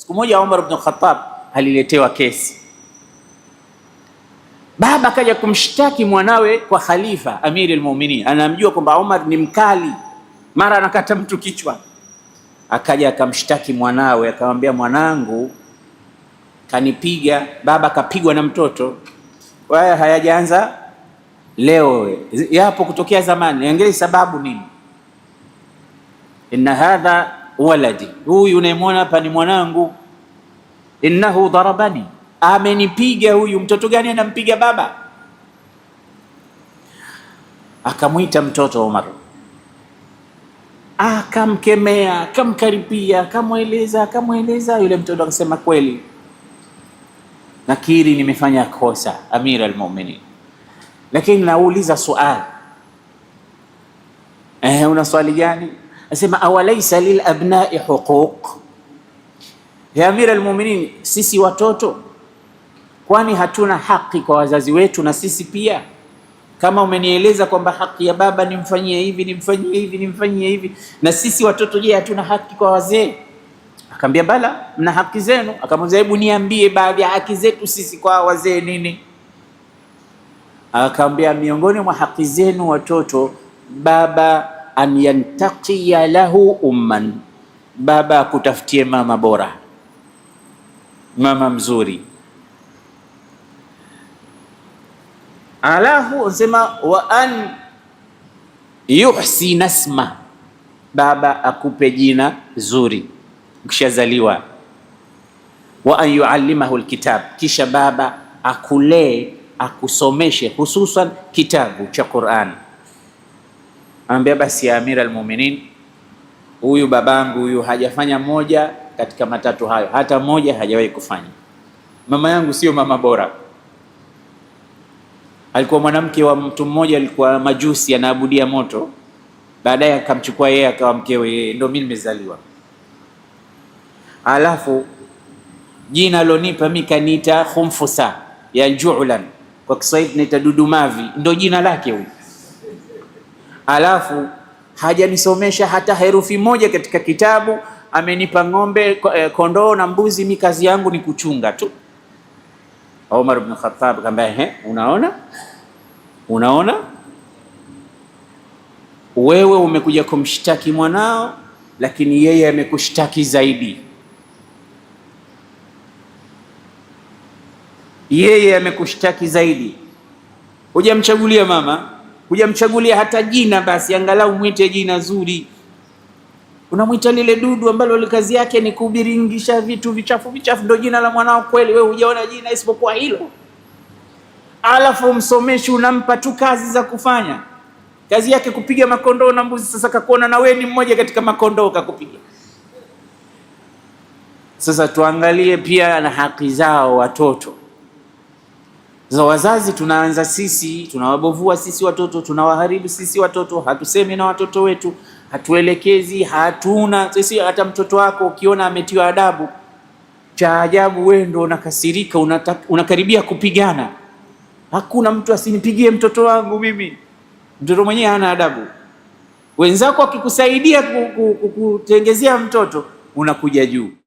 Siku moja Umar ibn Khattab aliletewa kesi, baba akaja kumshtaki mwanawe kwa khalifa amiri almu'minin. Anamjua kwamba Umar ni mkali, mara anakata mtu kichwa. Akaja akamshtaki mwanawe, akamwambia, mwanangu kanipiga baba, kapigwa na mtoto. Haya hayajaanza leo, yapo kutokea zamani. Angalia sababu nini? inna hadha waladi, huyu unayemwona hapa ni mwanangu. Innahu darabani, amenipiga huyu. Mtoto gani anampiga baba? Akamwita mtoto Omar, akamkemea, akamkaribia akamweleza, akamweleza. Yule mtoto akasema, kweli nakiri, nimefanya kosa Amir almuminin, lakini nauliza swali eh, una swali gani? Anasema awalaisa lilabnai huquq, ya amira almu'minin, sisi watoto kwani hatuna haki kwa wazazi wetu? Na sisi pia kama umenieleza kwamba haki ya baba nimfanyie hivi nimfanyie hivi nimfanyie hivi, na sisi watoto, je, hatuna haki kwa wazee? Akamwambia bala, mna haki zenu. Akamwambia hebu niambie baadhi ya haki zetu sisi kwa wazee nini? Akamwambia miongoni mwa haki zenu watoto, baba an yantaqiya lahu umman, baba akutafutie mama bora, mama mzuri. Alahu sema wa an yuhsina sma, baba akupe jina zuri ukishazaliwa. Wa an yuallimahu alkitab, kisha baba akulee akusomeshe, hususan kitabu cha Qur'an. Anambia basi ya Amira muminin huyu babangu huyu hajafanya moja katika matatu hayo, hata moja hajawahi kufanya. Mama yangu sio mama bora, alikuwa mwanamke wa mtu mmoja, alikuwa majusi, anaabudia moto, baadaye akamchukua yeye akawa mkewe yeye, ndio mimi nimezaliwa. Alafu jina alonipa mimi kaniita Khumfusa ya Julan, kwa Kiswahili naita dudumavi, ndio jina lake huyu alafu hajanisomesha hata herufi moja katika kitabu. Amenipa ng'ombe, eh, kondoo na mbuzi, mi kazi yangu ni kuchunga tu. Omar ibn Khattab kamba, ehe, unaona, unaona wewe umekuja kumshtaki mwanao, lakini yeye amekushtaki zaidi, yeye amekushtaki zaidi, hujamchagulia mama hujamchagulia hata jina, basi angalau mwite jina zuri. Unamwita lile dudu ambalo kazi yake ni kubiringisha vitu vichafu vichafu, ndio jina la mwanao kweli? Wewe hujaona jina isipokuwa hilo, alafu msomeshi unampa tu kazi za kufanya kazi yake kupiga makondoo na mbuzi. Sasa kakuona na wewe ni mmoja katika makondoo, kakupiga. Sasa tuangalie pia na haki zao watoto za wazazi tunaanza sisi, tunawabovua sisi watoto, tunawaharibu sisi watoto, hatusemi na watoto wetu, hatuelekezi, hatuna sisi. Hata mtoto wako ukiona ametiwa adabu, cha ajabu wewe ndo unakasirika, unakaribia kupigana. Hakuna mtu asinipigie mtoto wangu mimi. Mtoto mwenyewe hana adabu. Wenzako akikusaidia kutengezea mtoto, unakuja juu.